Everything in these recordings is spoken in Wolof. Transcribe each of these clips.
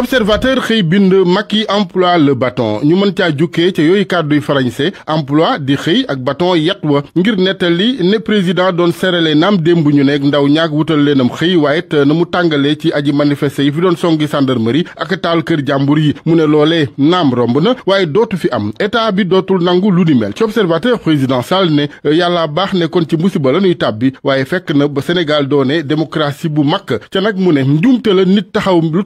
observateur xëy bind Macky emploi le bâton ñu mën caa jukkee ca yooyu kàdduy farañse emploi di xëy ak bâton yat wa ngir nettali ne président doon serale naam démb ñu nekk ndaw ñaak wutal leenam xëy waaye te na mu tàngalee ci aji manifester yi fi doon songi gendarmerie ak taal kër jàmbur yi mu ne loole naam romb na waaye dootu fi am état bi dootul nangu lu ni mel ci observateur président Sall ne euh, yàlla baax ne kon ci musiba la ñuy tàbbi waaye fekk na ba Sénégal doone démocratie bu mag ca nag mu ne njuumte la nit taxaw lu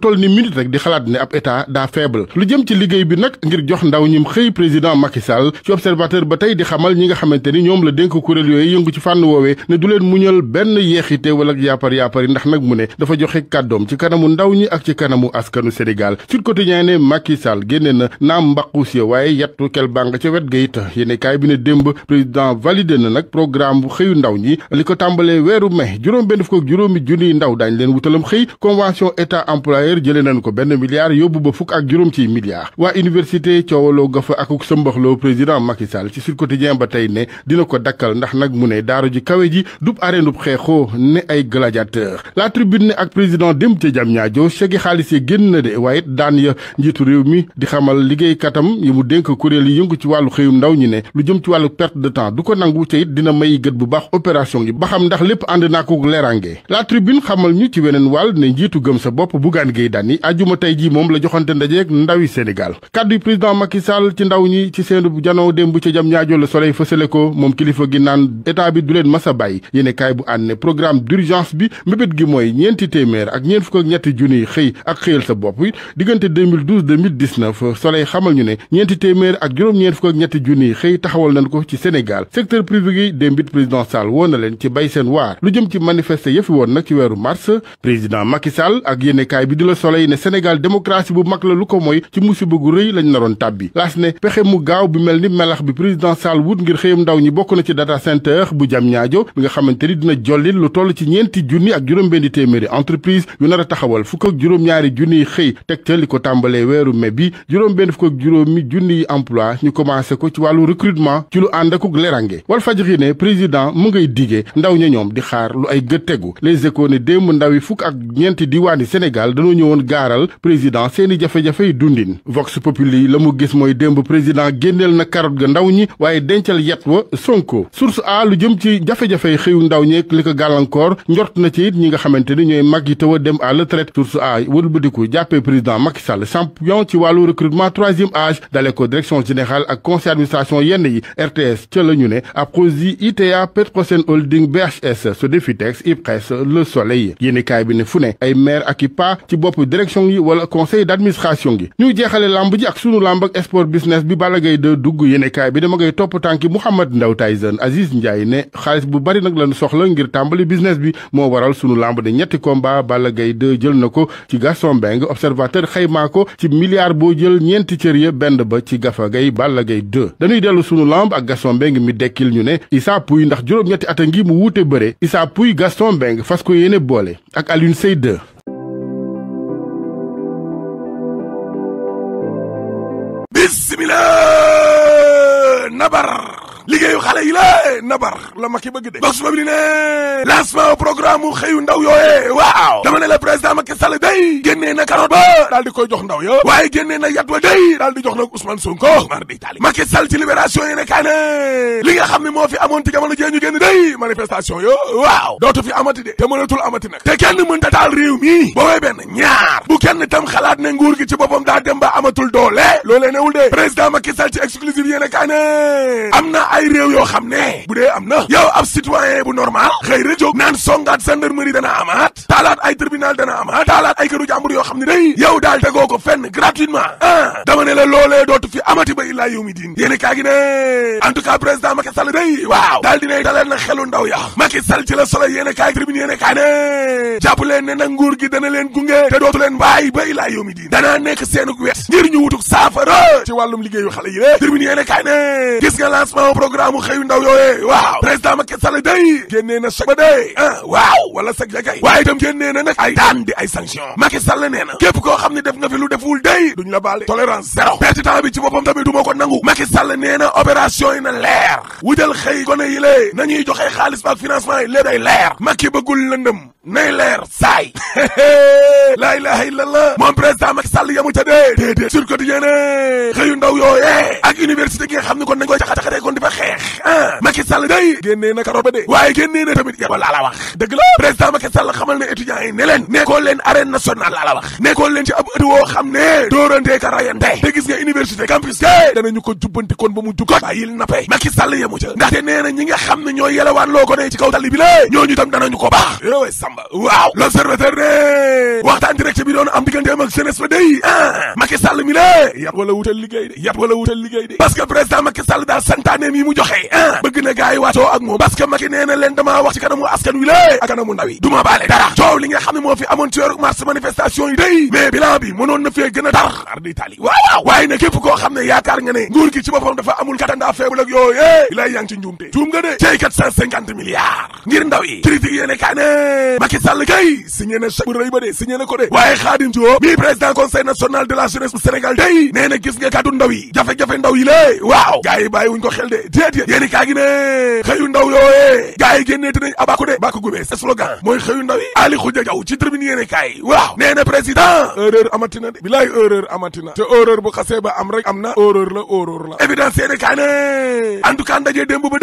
xalaat ne ab état daa faible lu jëm ci liggéey bi nag ngir jox ndaw ñim xëy président Macky Sall ci observateur ba tey di xamal ñi nga xamante ni ñoom la dénk kuréel yooyu yëngu ci fànn woowee ne du leen muñal benn yeexite wala yaapar yaapari ndax nag mu ne dafa joxe kàddoom ci kanamu ndaw ñi ak ci kanamu askanu Sénégal Sud Quotidien ne Macky Sall génne na naam mbaquus ya waaye yattu kel bàng ca wet ga it yéene kaay bi ne démb président validé na nag programme bu xëyu ndaw ñi li ko tàmbalee weeru mai juróom benn fukk ak juróomi junniy ndaw daañ leen wutalam xëy convention état employeur jëlee nañ ko benn milliard yóbbu ba fukk ak juróom ci milliard waa université coowaloo ga fa akuk sëmbaxloo président Macky Sall ci Sud Quotidien ba tey ne dina ko dakkal ndax nag mu ne daara ji kawe ji dub areenub xeexoo ne ay gladiateur la tribune ne ak président dem ca jam ñaajo chegi xaalis yi génn na de waaye daan ya njiitu réew mi di xamal liggéey katam yi mu denk kuréel yi yëngu ci wàllu xëyum ndaw ñi ne lu jëm ci wàllu perte de temps du ko nangu ca it dina may gët bu baax opération yi ba xam ndax lépp ànd naa ko leerange la tribune xamal ñu mu jii moom la joxante ndajeek ndawi Sénégal kàddu président Macky Sall ci ndaw ñi ci seen janoo démb ca jam ñaajo la soleil fësale ko moom kilifa gi naan état bi du leen masa bàyyi yéene kaay bu ànd ne programme d'urgence bi mbébét gi mooy ñeenti téeméer ak ñeent fukk ak ñetti junniy xëy ak xëyal sa bopp diggante 2012 2019 soleil xamal ñu ne ñeenti téeméer ak juróom-ñeent fukk ak ñetti junniy xëy taxawal nañ ko ci Sénégal secteur privé gi démb it président Sall woo leen ci bay seen waar lu jëm ci manifester yëfi woon nag ci weeru mars président Macky Sall ak bi di ne Sénégal démocratie bu mag la lu ko mooy ci musiba gu rëy lañ naroon tàbbi laas ne pexe mu gaaw bi mel ni melax bi président Sall wut ngir xëyam ndaw ñi bokk na ci data center bu jam ñaajo bi nga xamante ni dina jollil lu toll ci ñeenti junni ak juróom-benni téeméeri entreprise yu nar a taxawal fukk ak juróom-ñaari yi xëy teg ca li ko tàmbalee weeru mai bi juróom-benn fukk ak juróomi junniy emploi ñu commencé ko ci wàllu recrutement ci lu ànd akuk lerange Walfadjri ne président mu ngay digee ndaw ña ñoom di xaar lu ay gët tegu les échos ne démb ndaw yi fukk ak ñeenti diwaani Sénégal dañoo ñëwoon gaaral président seeni jafe-jafey jafe dundin vox populi la mu gis mooy démb président génneel na carotte ga ndaw ñi waaye dencal yet wa sonko source a lu jëm ci jafe-jafey xëyu ndaw ñeek li ko gàllankoor njort na ci it ñi nga xamante ni ñooy mag yi tëw a dem à la retraite source a wëlbatiku jàppee président Macky Sall champion ci wàllu recrutement troisième âge dale ko direction générale ak conseil administration yenn yi RTS ca la ñu ne Aprosi ITA Petrosen Holding BHS Sodefitex IPRES Le Soleil i pa ci bopp direction wala conseil d'administration gi ñuy jeexale lamb ji ak sunu lamb ak sport business bi Balla Gaye 2 dugg yenekaay bi dama ngay topp tànki Mouhamed Ndaw Tyson Aziz Ndiaye ne xaalis bu bari nag la lañu soxla ngir tàmbali business bi moo waral sunu lamb ne ñetti combat Balla gay 2 jël na ko ci Gaston Mbengue observateur xaymaa ko ci milliard boo jël ñeenti cër ya benn ba ci Gafa Gaye Balla Gaye 2 dañuy dellu sunu lamb ak Gaston Mbengue mi dekkil ñu ne Issa Pouye ndax juróom-ñetti at a ngi mu wuute bëre Issa Pouye Gaston Mbengue fas ko yéene boole ak Alioune Seye la waaye nabar la Macky bëgg de box boobu di ne lancement programme xëyu ndaw yooyee waaw dama ne la président Macky Sall day génnee na carotte ba daal di koy jox ndaw ya waaye génnee na yat wa day daal di jox nag Ousmane Sonko mar di taali Macky Sall ci libération yi ne kaa ne nga xam ne moo fi amoon ci jamono jee ñu génn day manifestation yo waaw dootu fi amati de te mënatul amati nag te kenn mënta taal réew mi boobee benn ñaar bu tam xalaat ne nguur gi ci boppam daa dem ba amatul doole loolee newul président Macky Sall ci exclusive yéen a kaa ne am na ay réew yoo xam ne bu dee am na yow ab citoyen bu normal xëy rek jóg naan songaat gendarmerie dana amaat taalaat ay tribunal dana amaat taalaat ay këru jàmbur yoo xam ne day yow daal tegoo ko fenn gratuitement ah dama la loolee dootu fi amati ba illaa yow mi diin yéeni kaa ne en tout cas président Macky Sall day waaw daal dinay dalal na xelu ndaw ya Macky Sall ci la solo yéeni kaay tribune yéeni ne jàpp ne nag nguur gi dana leen gunge te dootu leen bàyyi ba illaa yow mi diin danaa nekk seenuk wet ngir ñu wutuk waaw a Macky Sall day génnee na chèque ba day ah waaw wala chèque ya kay waaye itam génnee na nag ay daan di ay sanction Macky Sall nee na képp koo xam ne def nga fi lu deful day duñ la baale tolérance zéro perte temps bi ci boppam tamit du ma ko nangu Macky Sall nee na opération yi na leer wujal ko gone yi lée nañuy joxe xaalis ba ak financement yi léeg day leer Macky bëggul lëndëm nay leer saay laa ilaha illallah moom président Macky Sall yamu ca dee déedéet xëyu ndaw yooyee ak université gi xam ne kon nañ koy caxa-caxatee kon di xeex ah Macky Sall day génnee na karoot ba dee waaye génnee na tamit yabal laa la wax dëgg la président Macky xamal ne étudiants yi ne leen leen arène nationale laa la wax nekkoon leen ci ab ëtt woo xam ne dóorantee ka rayante te gis nga université campus te danañu ko jubbanti kon ba mu jukkat bàyyil nappe Macky Sall yamu ca ndaxte nee na ñi ko ne Samba waaw l'observateur ne waxtaan direct bi doon am digganteem ak jeunesse ba day ah Macky Sall mi de yàpp wala wutal liggéey de yàpp wala wutal liggéey de parce président Macky Sall daal santaaneem yi mu joxe ah bëgg na gars yi waatoo ak moom parce que Macky nee na leen damaa wax askan wi lé ak kanamu ndaw duma baale dara coow li nga xam moo fi amoon mars manifestation yi day mais bilan bi mënoon na fee gën a tar ar di tali waaw waaw waaye xam ne yaakaar nga ne nguur gi ci boppam dafa ne Macky Sall kay signé na chèque bu rëy ba de signé na ko de waaye Khadim Diop bii président conseil national de la jeunesse bu Sénégal day nee na gis nga kàddu ndaw yi jafe-jafe ndaw yi lée waaw gars wuñ ko xel de déedéet yéeni kaa gi ne xëyu ndaw yooye gars yi génnee dinañ abaku de bàkk gubee slogan mooy xëyu ndaw Ali Khoudia Diaw ci tribune yéene kaay waaw nee na président erreur amatina de bilaay erreur amatina te erreur bu xasee ba am rek am na erreur la erreur la évidence yéene kaay ne en tout cas ndaje démb ba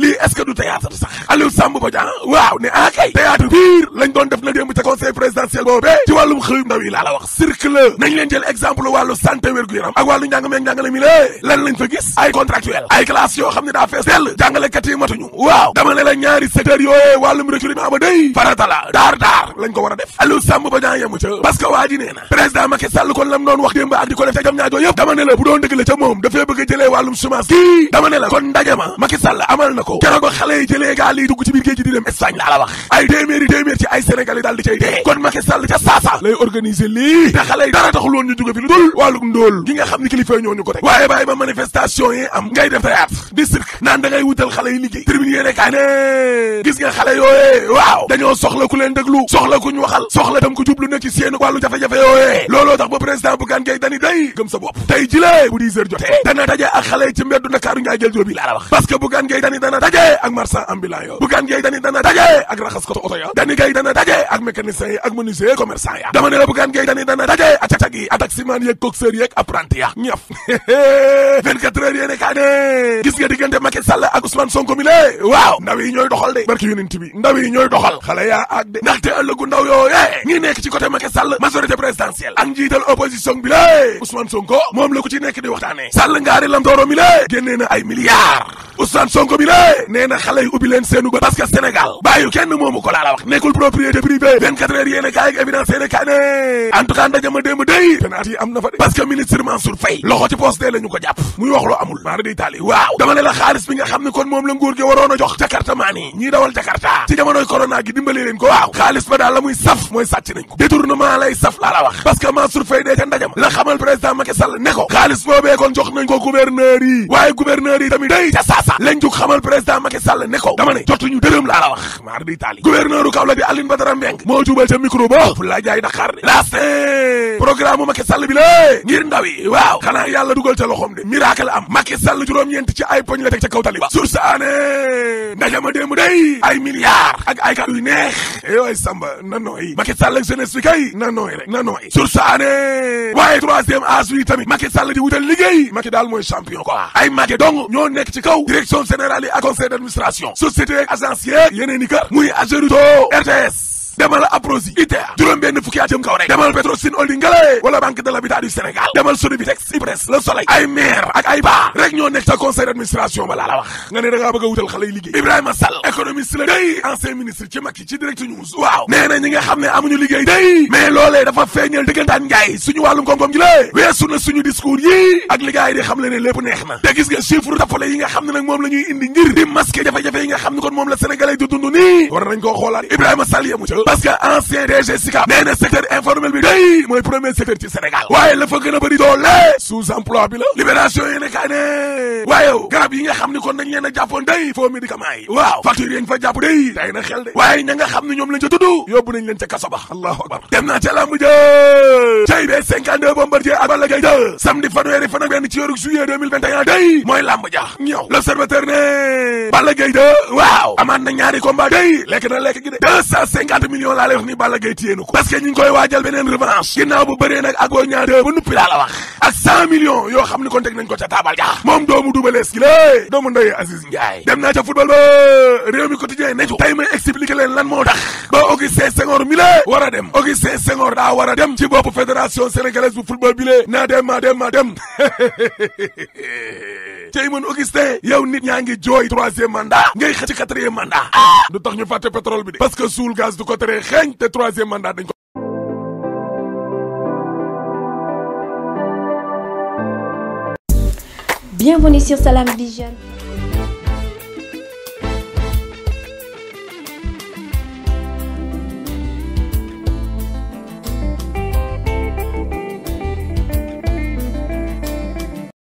day a ah waaw ne ah kay théâtre pire lañ doon def na démb ca conseil présidentiel boobee ci wàllum xëy ndaw laa la wax circle nañ leen jël exemple wàllu santé wér-gu-yaram ak wàllu ñaari secteur yooyee wàllum recrutement ba day farata daar daar lañ ko war a def Aliou Samb ba ñaa ca parce que waa président Macky kon lam doon wax démb ak di ko def ca jam ñaajoo yëpp dama ne la bu doon dëgg la ca moom dafay bëgg a jëlee wàllum kii dama ne la kon dem Espagne laa la wax ay téeméeri téeméer ci ay sénégalais daal di cay dee kon Macky Sall ca saasa lay organiser lii te xale dara taxul woon ñu jóge lu dul wàlluk ndóol gi nga xam ni kilifa yi ñoo ñu ko teg ba manifestation yi am ngay def théâtre di cirque naan da ngay wutal xale yi liggéey tribune yéene gis nga xale yooyee waaw dañoo soxla ku ku ñu waxal soxla tam ko jublu na ci seen wàllu jafe-jafe yooyee looloo sa bopp tey jilee bu 10 heures jotee dana daje ak xale yi ci mbeddu Ndakaaru njaay jël jóob yi laa la wax parce que Bougane Gueye Dany dana dana daje ak raxaskatu oto ya dani gay dana daje ak mécanicien yi ak menuisier commerçant ya dama ne la bugaan gay dani dana daje ak cacag yi ak taximan yeeg coxeur yeeg apprenti ya ñaf 24 heures yéene kaa ne gis nga diggante Macky ak Ousmane Sonko mi le waaw ndaw doxal de barki yonent bi ndaw yi doxal xale yaa ak de ndaxte ëllëgu ndaw yooyee ñi nekk ci côté Macky Sall ak njiital opposition bi le Sonko moom la nekk di waxtaane Sall Sénégal kenn moomu ko laa la wax nekkul propriété privée 24 heures yéen a kaay ak évidence yéen a ndajama démb day penaat am na fa de parce ministre Mansour Faye loxo ci poste la ko jàpp muy wax lu amul maara day taali waaw dama ne la xaalis bi nga xam ne kon moom la nguur gi waroon jox Jakarta maa nii dawal Jakarta ci jamonoy corona gi dimbalee leen ko waaw xaalis ba daal la muy saf mooy sàcc nañ ko détournement lay saf laa la wax laa la wax maar di Italie gouverneur u Kaolack di Aline Badara Mbeng moo jubal ca micro ba fu laa jaay Dakar de laast programme Macky Sall bi lé ngir ndaw yi waaw xanaa yàlla dugal ca loxoom de miracle am Macky Sall juróom-ñeent ci ay poñ la teg ca kaw tali ba source ané ndaje ma démb day ay milliards ay kàddu yu neex eh yooyu Samba na nooyi Macky Sall ak jeunesse bi rek na nooyi source ané waaye troisième âge bi tamit Macky Sall di wutal liggéey Macky daal mooy champion yeneeni kër muy Ageroute RTS demal Aprosi ITA juróom benn fukki at kaw rek demal Petrosen Holding ngalae wala banque de l'habitat du Sénégal demal Sodefitex IPRES Le Soleil ay maire ak ay baa rek ñoo nekk sa conseil d'administration ba laa la wax nga ne da ngaa wutal xale yi liggéey Ibrahima Sall économiste la day ancien ministre ci Macky ci Direct News waaw nee na ñi nga xam ne amuñu liggéey day mais loolee dafa feeñal dëggantaan njaay suñu wàllum koom-koom gi la parce que ancien DG Sika nee na secteur informel bi day mooy premier secteur ci Sénégal waaye la fa gën a doole sous emploi bi la libération yéene kaa ne waaye garab yi nga xam ni kon dañ leen a jàppoon day faux médicament yi waaw facture yi fa jàpp day day na xel de waaye ña nga xam ne ñoom lañ ca tudd yóbbu nañ leen ca kaso ba allahu akbar dem naa ca làmb ja cay bee 52 bombardier ak Balla Gaye ja ñëw l'observateur ne Balla na ñaari combat day lekk millions laa lay wax ni Balla Gaye téye na ko parce que ñu ngi koy waajal beneen revanche ginnaaw bu bëree nag ak Boy Niang 2 ba nuppi laa la wax ak cent millions yoo xam ni kon teg nañ ko ca taabal ja moom doomu dubalees gi lée doomu ndoye Aziz Ndiaye dem naa ca football ba réew mi quotidien ne ñu tey lan moo tax ba Augustin Senghor mi lée a dem Augustin Senghor daa war a dem ci bopp fédération sénégalaise bu football bi naa dem ma dem ma dem tey man Augustin yow nit ñaa ngi jooy tere xeeñ te troisième mandat dañ ko sur Salam Vision.